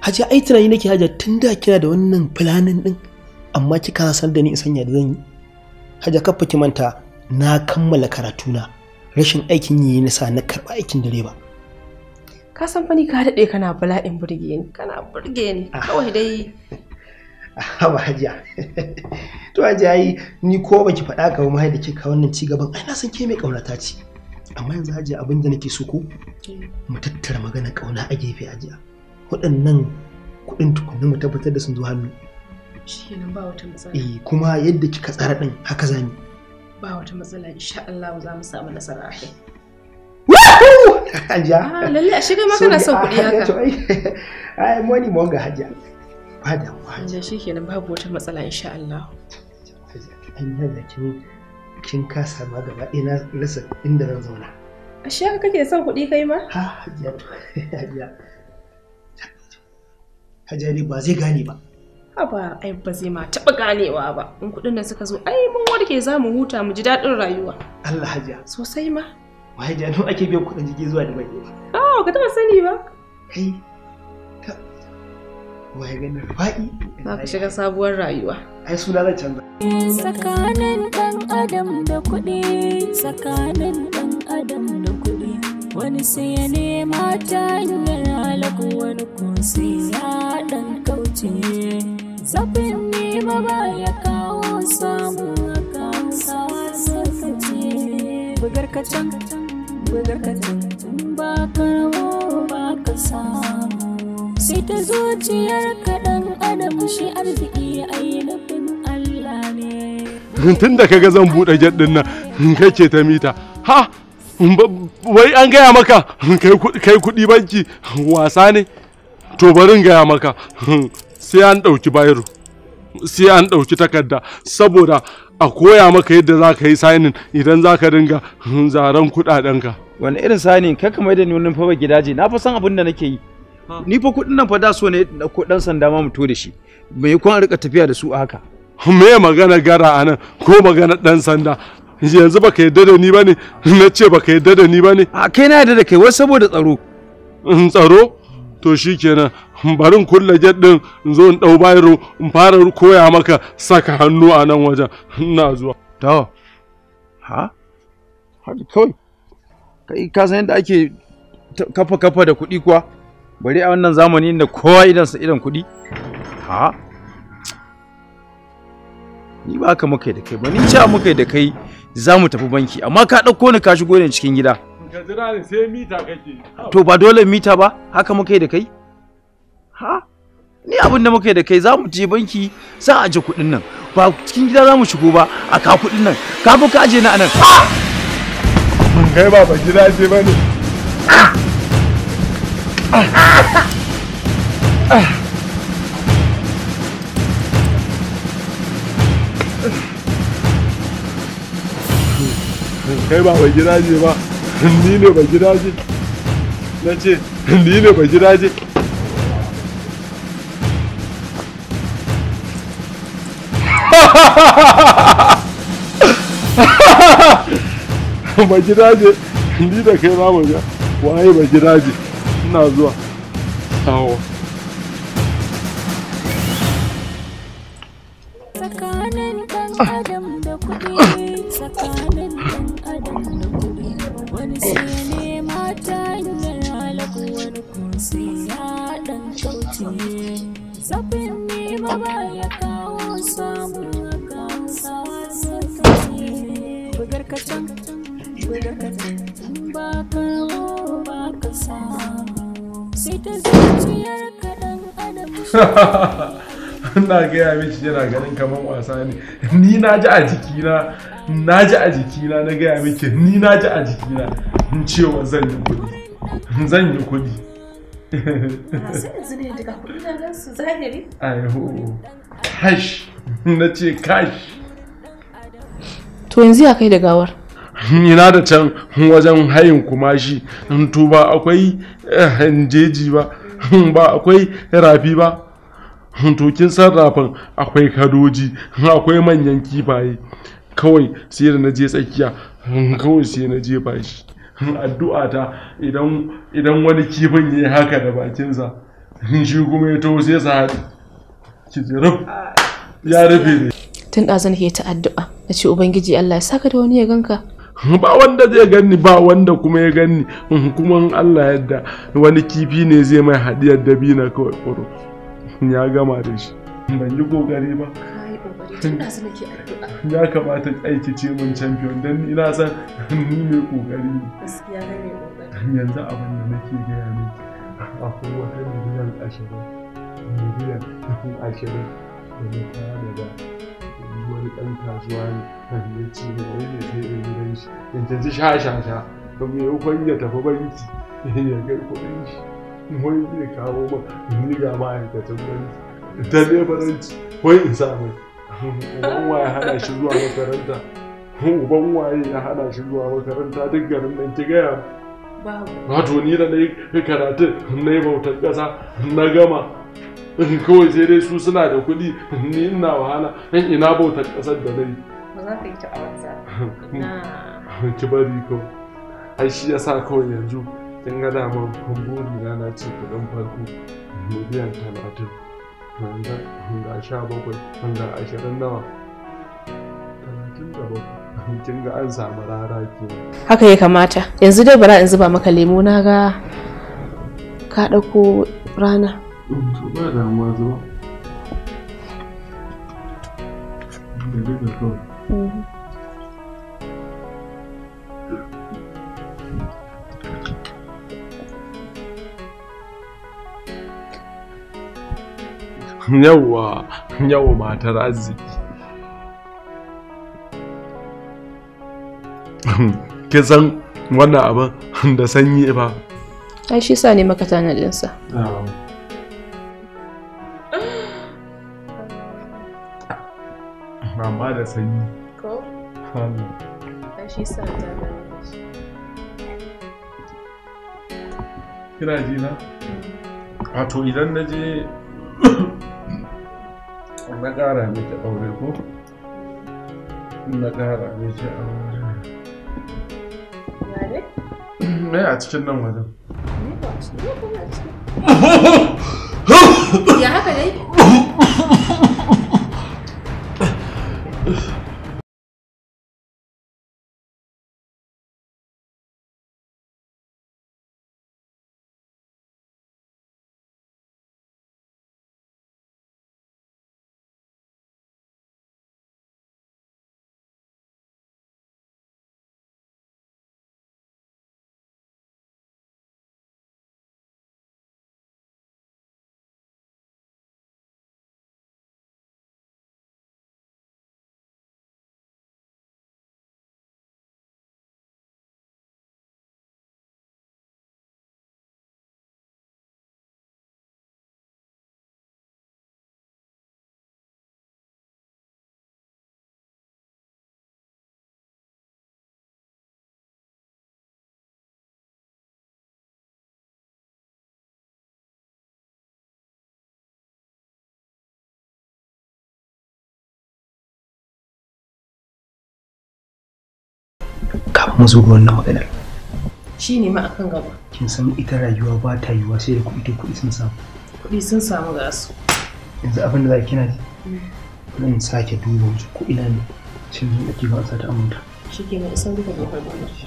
Hajiya ai tunani nake hajiya tun da kina da wannan filanin din amma kika san da ni in sanya da zan yi. Hajiya kafa ki manta na kammala karatuna rashin aikin yi nisa na karɓa aikin direba. ka san fani ka daɗe kana bala'in burge ni kana burge ni ah. kawai dai haba hajiya to hajiya yi ni ko baki faɗa ka ba da ke ka wannan cigaban ai na san ke mai ƙaunata ce amma yanzu hajiya abin da nake so ko mm. mu tattara magana ƙauna a gefe hajiya waɗannan kuɗin tukunna mu tabbatar da sun zo hannu shikenan ba wata matsala eh kuma yadda kika tsara din haka zamu ba wata matsala insha Allah za mu samu nasara a kai hajiya ah, lalle a shiga maka na son kuɗi ah, haka ai money mo ga hajiya ba da wa hajiya shikenan babu wata matsala insha Allah an da kin kin kasa ma gaba ina rasa inda zan zauna a shi haka kake son kuɗi kai ma ha hajiya hajiya hajiya ne ba zai gane ba haba ai ba zai ma taɓa ganewa ba in kuɗin nan suka zo ai mun warke za mu huta mu ji daɗin rayuwa Allah hajiya sosai ma Waye da nan ake biyan kuɗin jirgi zuwa Dubai. Oh, ka taɓa sani ba? Kai, ka wai ganin fa'i. Za ka shiga sabuwar rayuwa. Ai suna zan canza. Tsakanin ɗan adam da kuɗi, tsakanin ɗan adam da kuɗi. Wani sai ya nema ta hanyar halaku wani ko sai ya ɗan kauce. Zafin nema ba ya kawo samu a kawo sa sakace. Bugar ka can tun ba ka ka samu da kaga zan buɗe jet din nan kake ta mita ha wai an gaya maka kai kuɗi banki wasa ne to barin gaya maka sai an ɗauki bayro sai an ɗauki takarda saboda a koya maka yadda za ka yi sainin idan za ka dinga zaren ka. wani irin sani ka kamar da ni wani fa gidaje na fa san abin da nake yi ni fa kuɗin nan fa da so ne na kuɗin sanda ma mutu da shi me kun rika tafiya da su a haka me magana gara anan ko magana ɗan sanda yanzu baka yadda da ni bane na ce baka yadda da ni bane a kai na yadda da kai wai saboda tsaro tsaro to kenan barin kulle jet din in zo in dau bayro in fara koya maka saka hannu a nan wajen ina zuwa to ha haka kawai kai ka san yadda ake kafa kafa da kuɗi kuwa bari a wannan zamani da kowa idan sa idan kuɗi ha ni ba ka muka da kai ba ni ce muka da kai za mu tafi banki amma ka ɗauko ni ka shigo ne cikin gida Ka jira To ba dole mita ba, haka muka da kai? Ha? Ni abin da muke da kai za mu je banki za a aje kuɗin nan. Ba cikin gida za mu shigo ba a ka kuɗin nan. Ka fi ka aje na anan. kai ba gida je ba ne. Kai ba gida ba. ni ne ba gidaje na ce ni ne ba gidaje ba gidaje ni da kai za mu ga waye ba gidaje ina zuwa tawo ina gaya miki yana ganin kamar wasa ne ni na ji a jikina na ji a jikina na gaya miki ni na ji a jikina in cewa zan yi kuɗi zan yi kuɗi na ce to yanzu ya kai da gawar yana da can wajen hayin kumashi to ba akwai eh, jeji ba ba akwai rafi ba to kin san rafin akwai kadoji akwai manyan kifaye kawai sai da na je tsakiya kawai sai na je bashi addu'a ta idan wani kifin ya yi haka da bakinsa shi kuma ya taho sai sa haɗi ki ya rufe ne tun ɗazan ke ta addu'a na ce ubangiji allah ya saka da wani ya ganka ba wanda zai ganni ba wanda kuma ya ganni kuma Allah yadda wani kifi ne zai mai hadiyar dabina kawai kuro ya gama da shi ban yi kokari ba ya kamata aiki ce mun champion don ina san ni mai kokari ne yanzu abin da nake gaya ne akwai wata miliyan ashirin miliyan ashirin da na fara da wani ɗan kasuwa ne kan ya ce wani ya kai da gidan shi in ta ji sha sha sha to me ya ya tafi banki ya kai kuɗin shi wani zai kawo ma, in ni ga ma'aikatan banki ta lebaranci wai in sa mai uban waye hana shi zuwa makaranta uban waye ya hana shi zuwa makaranta duk garin nan ki gaya wato ni da na yi karatun na yi bautar ƙasa na gama kawai sai dai su suna da kuɗi ni ina wahala dan ina bautar ƙasar da nayi ba za ka yi ta banza ki bari kawai ai shi yasa kawai yanzu kin ga dama kumburi na na ce kuɗin farko miliyan talatin ga sha bakwai ga ashirin nawa talatin da bakwai kin ga an samu rara ke haka ya kamata yanzu dai bara in zuba maka lemo na ga ka ɗauko rana to ba damuwa zuwa yawwa yawa san wannan abin da sanyi ba ai shi sa ne maka tanadinsa amma da sanyi ko shi sa ta kina ji na mm. wato idan na je na ƙara miki aure ko na ƙara miki aure me a cikin nan wajen ya haka dai mu zo da wannan maganar shi ne ma akan gaba kin san ita rayuwa ba ta yiwuwa sai da kuɗi kuɗi sun samu kuɗi sun samu ga su yanzu abin da za ki kina ji mm. zan sake duba wasu kuɗi na ne shi ne ɗauki ba a sata aminta shi ke na isan duka dokar gwamnati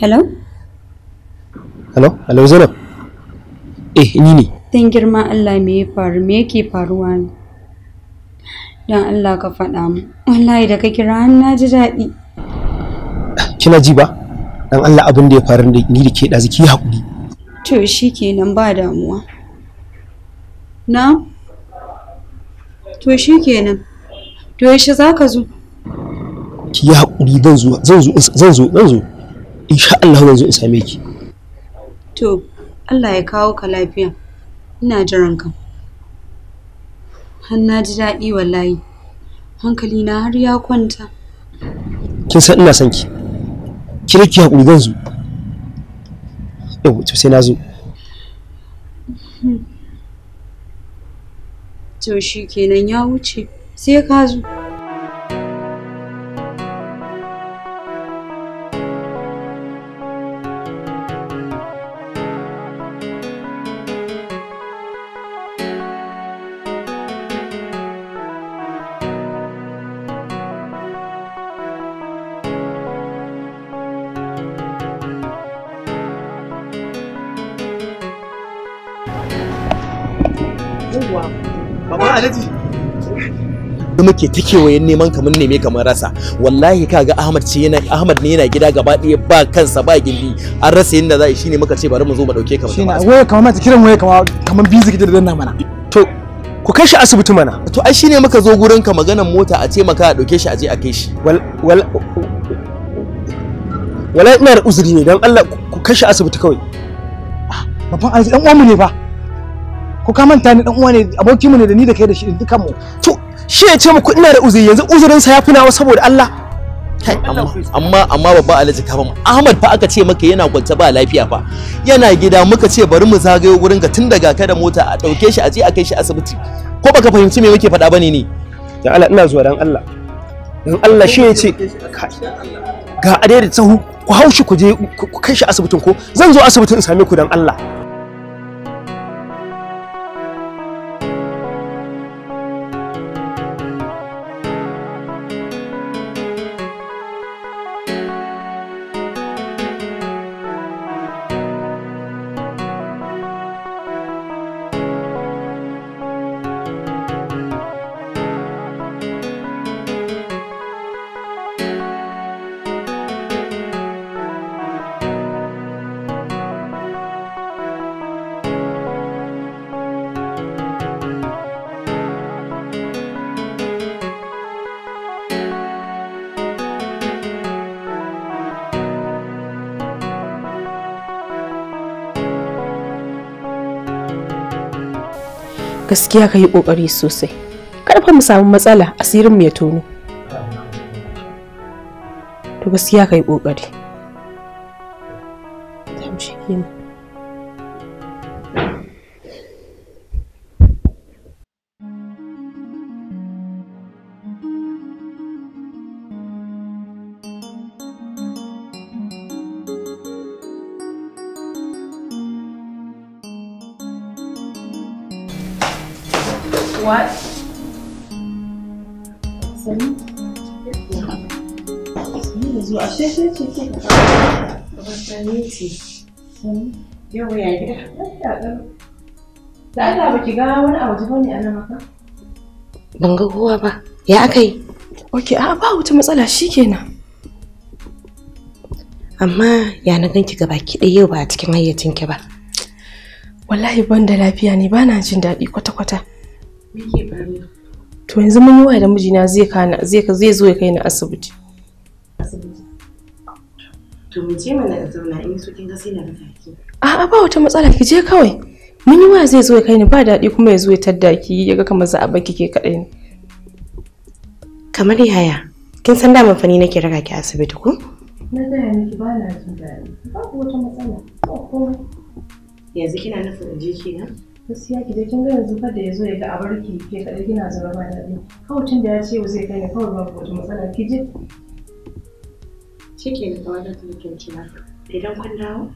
hello hello hello zainab eh ni ne dan girma Allah me ya faru me yake faruwa ne dan Allah ka faɗa mu wallahi da ka kira na ji daɗi kina ji ba dan Allah abin da ya faru da ni da ke ɗazu ki haƙuri to shikenan ba damuwa na to shikenan to yaushe zaka zo ki yi haƙuri zan zo zan zo zan zo insha Allah zan zo in same ki to Allah ya kawo ka lafiya ina jiran ka har na ji daɗi wallahi hankali na har ya kwanta kin san ina son ki ki rike hakuri zan zo yau to sai na zo to shi kenan ya wuce sai ka zo nake ta kewayen neman kamar neme kamar rasa wallahi kaga Ahmad ce yana Ahmad ne yana gida gaba ɗaya ba kansa ba gindi an rasa yadda za a yi shine muka ce bari mu zo mu dauke ka shine waya kamar mata kiran waya kamar kamar bizi kike da danna mana to ku kai shi asibiti mana to ai shine muka zo gurin ka maganar mota a ce maka a dauke shi a je a kai shi wal wal wala ina da uzuri ne dan Allah ku kai shi asibiti kawai babban arziki dan uwanmu ne fa ko ka manta ni dan uwa ne abokinmu ne da ni da kai da shi dukkan mu to shi ya ce muku ina da uzuri yanzu uzurinsa ya fi nawa saboda Allah amma amma babba alhaji kafa bamu ahmad fa aka ce maka yana kwance ba lafiya fa yana gida muka ce bari mu zagayo gurin ga tun daga ka da mota a dauke shi a je a kai shi asibiti ko baka fahimci me muke faɗa bane ne dan Allah ina zuwa dan Allah dan Allah shi ya ce ga adai da tsahu ku haushi ku je ku kai shi asibitin ko zan zo asibitin in same ku dan Allah gaskiya ka yi ƙoƙari sosai karfa mu samu matsala asirin mu ya tono to gaskiya ka yi ƙoƙari ce yau ya gida da Allah ba ki ga wani abu waje bane a nan maka ban ga kowa ba ya aka yi ok a ba wata matsala shikenan amma ya na ganki gaba ki ɗaya yau ba a cikin hayyacin ba wallahi ban da lafiya ne ba na jin daɗi kwata-kwata to yanzu mun yi wa da mijina zai zo ya kai ni asibiti asibiti To mu je mana zauna in so kin ga sai na raka A'a ba wata matsala ki je kawai. Mun yi waya zai zo ya kai ni ba daɗi kuma ya zo ya tadda ki ya ga kamar za a baki ke kaɗai ne. Kamar yaya? Kin san da fani nake raka ki asibiti ko? Na gaya miki ba na jin daɗi. Babu wata matsala. Ba komai. Yanzu kina nufin in je kenan? gaskiya ki je kin ga yanzu fa da zo ya ga a abarki ke kaɗai kina zama ba daɗi kawai tun da ya ce zai kai ni kawai ba wata matsala ki je shi ke da tawadar da nake cina idan kun dawo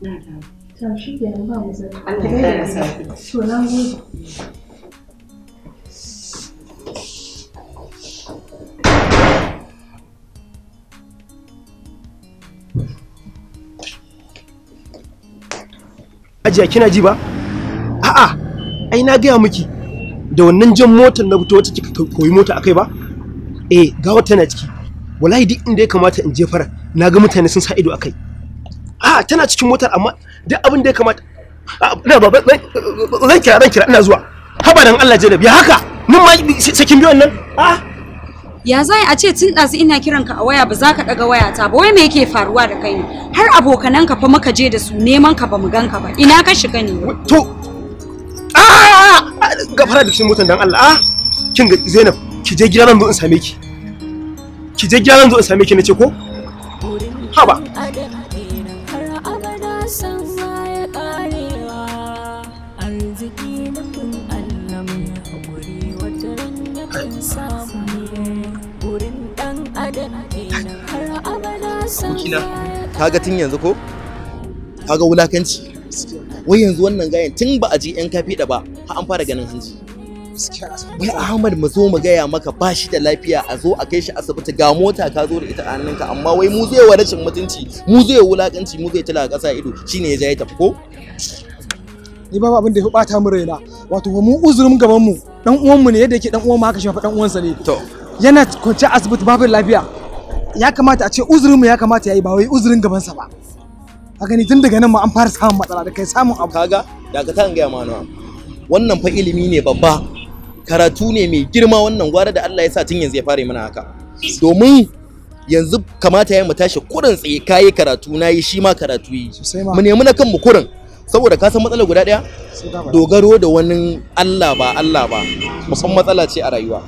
na dawo Ta shi ke nan ba mu zai Allah ya kare sauki to na gode Ajiya kina ji ba? A'a, ai na gaya miki da wannan jan motar na fito wata kika koyi mota akai ba? Eh, ga wata na ciki. wallahi duk inda ya kamata in je fara na ga mutane sun sa ido a kai a tana cikin motar amma duk abin da ya kamata na ba zan kira zan kira ina zuwa haba dan Allah Zainab ya haka mun ma sakin biyon nan a ya zai a ce tun ɗazu ina kiran ka a waya ba za ka ɗaga waya ta ba wai me yake faruwa da kai ne har abokanan ka fa muka je da su neman ka ba mu gan ka ba ina ka shiga ne to a gafara da cikin motar dan Allah a kin ga Zainab ki je gidan nan zo in same ki ki je gyaran zo in same ki nace ko haba abokina kaga tun yanzu ko kaga wulakanci wai yanzu wannan gayan tun ba a ji yan kafi da ba har an fara ganin hanji wai ahmad mu zo mu gaya maka ba shi da lafiya a zo a kai shi asibiti ga mota ka zo da ita a hannunka amma wai mu zai wa rashin mutunci mu zai wulakanci mu zai tila kasa ido shine ya ja tafi ko ni babu abin da ya bata mu raina wato mu uzurin gaban mu dan uwan mu ne yadda yake dan uwan mu haka fa dan uwansa ne to yana kwance asibiti babu lafiya ya kamata a ce uzurin mu ya kamata yayi ba wai uzurin gabansa ba ka gani tun daga nan ma an fara samun matsala da kai samun abu kaga daga ta an gaya ma wannan fa ilimi ne babba karatu ne mai girma wannan gwara da Allah ya sa tun yanzu ya fara mana haka domin yanzu kamata ya mu tashi kurin tsaye kayi karatu na yi shi ma karatu yi mu nemi na kanmu kurin saboda ka san matsalar guda daya dogaro da wani Allah ba Allah ba musan matsala ce a rayuwa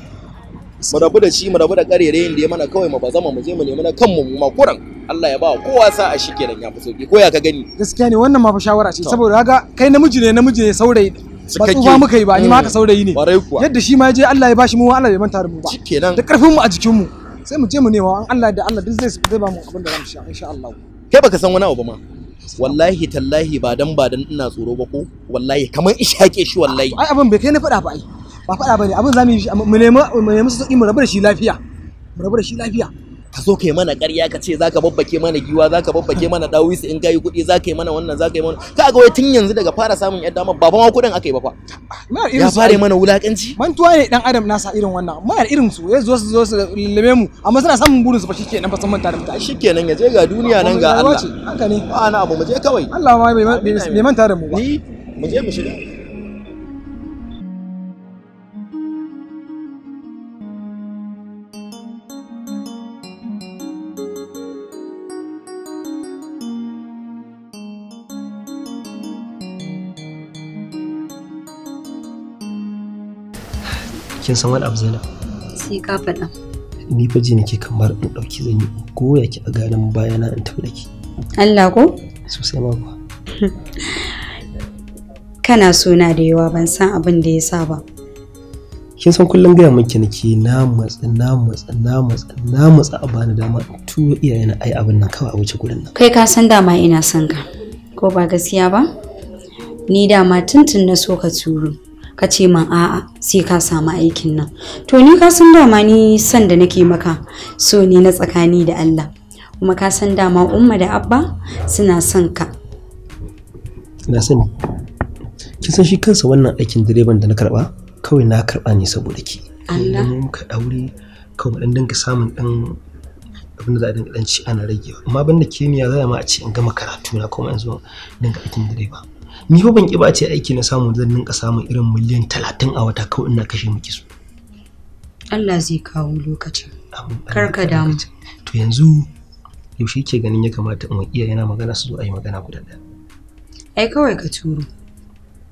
mu rabu da shi mu rabu da karerayin da ya mana kawai mu zama mu je mu nemi na kanmu mu ma kurin Allah ya ba kowa sa a kenan ya fi sauki ko ya ka gani gaskiya ne wannan ma fa shawara ce saboda kaga kai namiji ne namiji ne saurayi ba tsufa muka yi ba ni ma haka saurayi ne yadda shi ma ya je Allah ya bashi mu Allah bai manta da mu ba da karfin mu a jikin mu sai mu je mu nema an Allah da Allah duk zai zai ba mu abin da zamu sha insha Allah kai baka san wani abu ba ma wallahi tallahi ba dan ba dan ina tsoro ba ko wallahi kamar ishake shi wallahi ai abin bai kai na faɗa ba ai ba faɗa bane abin zamu yi mu nema mu nema su mu rabu da shi lafiya mu rabu da shi lafiya ka so yi mana ƙarya ka ce za babba babbake mana giwa za babba babbake mana dawis in yi kuɗi za ka yi mana wannan za ka yi mana ka ga wai tun yanzu daga fara samun yadda ma ba ma kuɗin aka yi ba fa ya fara mana wulakanci mantuwa ne dan adam nasa irin wannan amma irin su ya zo su zo su lame mu amma suna samun burin su fa nan fa san manta da mutane shikenan ya je ga duniya nan ga Allah haka ne ba na abu mu je kawai Allah ma bai manta da mu ba ni mu je mu shiga kin san wani abu zainab sai ka faɗa ni fa ji nake kamar in ɗauki zan yi ya ki a ganin bayana in tafi da ki Allah ko sosai ba ku kana suna da yawa ban san abin da ya sa ba kin san kullum gaya miki nake na matsa na matsa na matsa na matsa a bani dama in iyaye iyayena ai abin nan kawai a wuce gurin nan kai ka san dama ina son ka ko ba gaskiya ba ni dama tuntun na so ka turo ka ce man a'a sai ka samu aikin nan to ni ka san dama ni san da nake maka so ne na tsakani da Allah kuma ka san dama umma da abba suna son ka na sani kin san shi kansa wannan aikin direban da na karba kawai na karba ne saboda ki Allah eh, ka daure mu dan dinga samun dan abin da za a dinga dan ci ana ragewa amma banda kimiyya za ma a ce in gama karatu na kuma yanzu dinga aikin direba ni fa ban kiba ce aiki na samu zan ninka samun irin miliyan talatin a wata kawai ina kashe miki su Allah zai kawo lokacin kar ka damu to yanzu yaushe ke ganin ya kamata in iya yana magana su zo a yi magana guda ɗaya ai kawai ka turo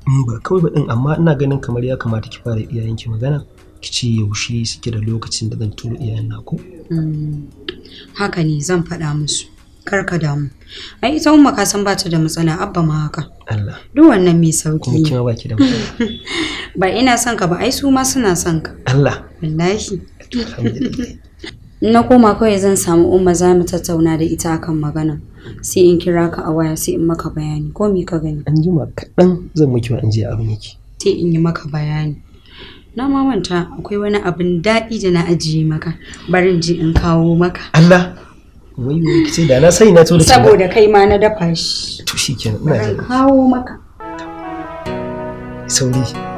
mm, ba kawai ba din amma ina ganin kamar ya kamata ki fara iyayenki magana ki ce yaushe suke da lokacin da zan turo iyayen naku mm. haka ne zan faɗa musu kar ka damu ai ita umma ka san ba ta da matsala abba ma haka Allah duk wannan mai sauki ne kuma baki da matsala ba ina son ka ba ai su ma suna son ka Allah wallahi na koma kawai zan samu umma za mu tattauna da ita akan magana sai in kira ka a waya sai in maka bayani ko me ka gani an jima kaɗan zan miki wa in je abin yake sai in yi maka bayani na mamanta akwai wani abin daɗi da na ajiye maka barin ji in kawo maka Allah wai wai kice da na sai na to saboda kai ma na dafa shi to shikenan ina kawo maka sauri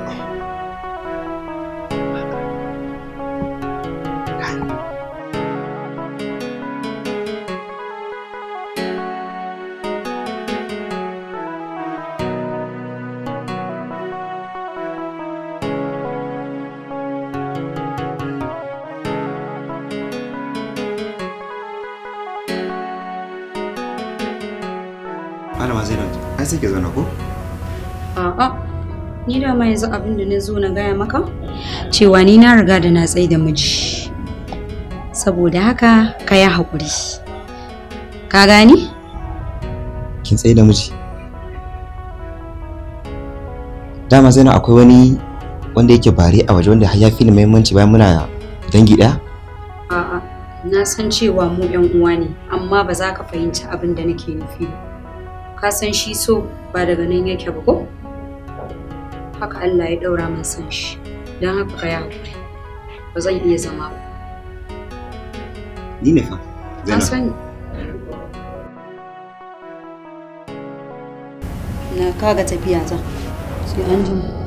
ni da ma yanzu abin da na zo na gaya maka cewa ni na riga da na tsaye da miji saboda haka ka yi haƙuri ka gani kin tsaye da miji dama sai na akwai wani wanda yake bare a waje wanda har ya fi muhimmanci bayan muna dangi ɗaya a'a na san cewa mu yan uwa ne amma ba za ka fahimci abin da nake nufi ba ka san shi so ba daga nan yake ba ko haka Allah ya daura min san shi dan haka ka yi ba zai iya zama ba. Ni ne fa? An sani. Na kaga tafiya ta sai an jima.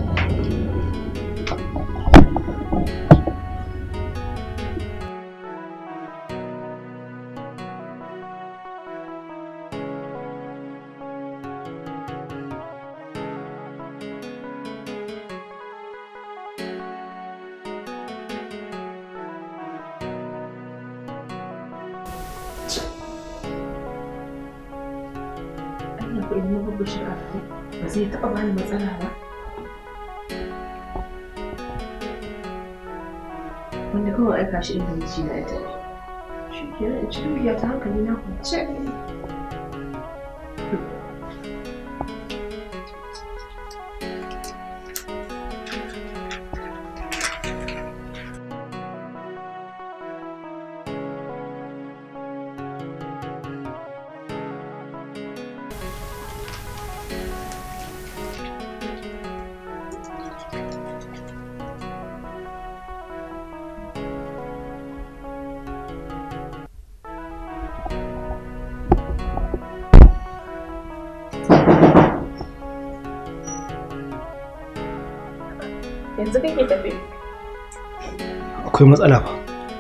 shi inda miji na ya tafi shi kenan in ci dukiya ta hankali na kwance akwai matsala ba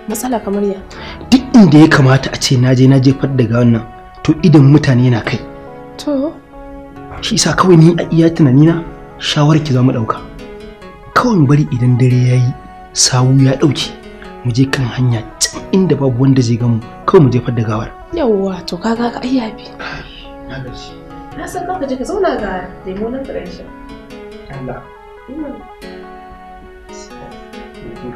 matsala kamar ya duk inda ya kamata a ce na je na jefar daga wannan to idan mutane na kai to shi sa kawai ni a iya na shawarar ki za mu ɗauka kawai bari idan dare ya yi sawu ya ɗauke mu je kan hanya can inda babu wanda zai gamu kawai mu je fad da gawar yawa to kaga ka ayya bi na san ka je ka zauna ga lemonan ƙarshen Allah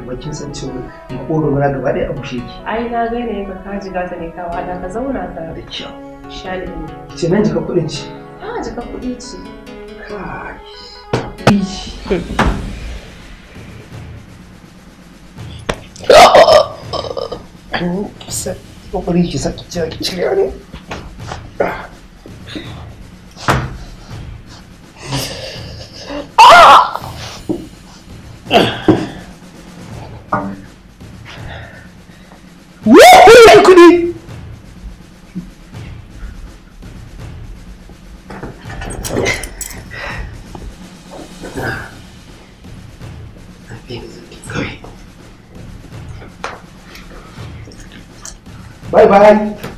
bakin san cewa makoro na gaba ɗaya a bushe ki ai na ga ne ka kaji gata ne kawo da ka zauna ka da kyau shali ne ce nan jika kuɗin ce Ha jika kuɗi ce kai kokari ki saki cewa ki ne ah! baay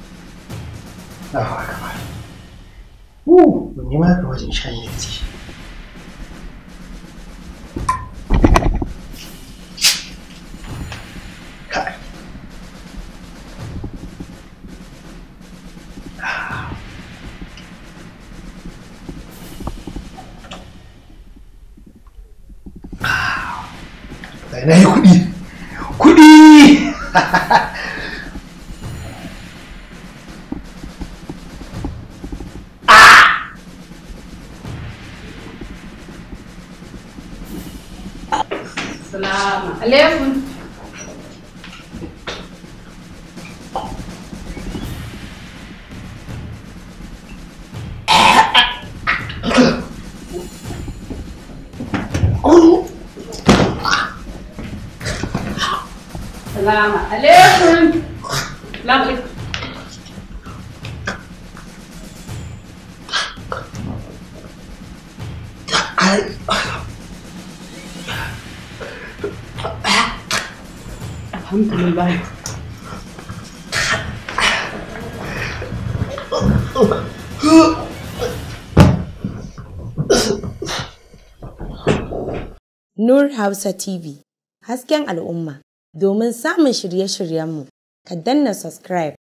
Nur Hausa TV, hasken al'umma. Domin samun shirye-shiryenmu, ka danna subscribe.